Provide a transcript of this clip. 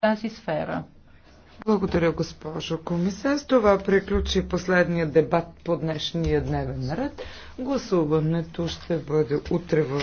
тази сфера. Благодаря, госпожо комисар. С това приключи последния дебат по днешния дневен ред. Гласуването ще бъде утре в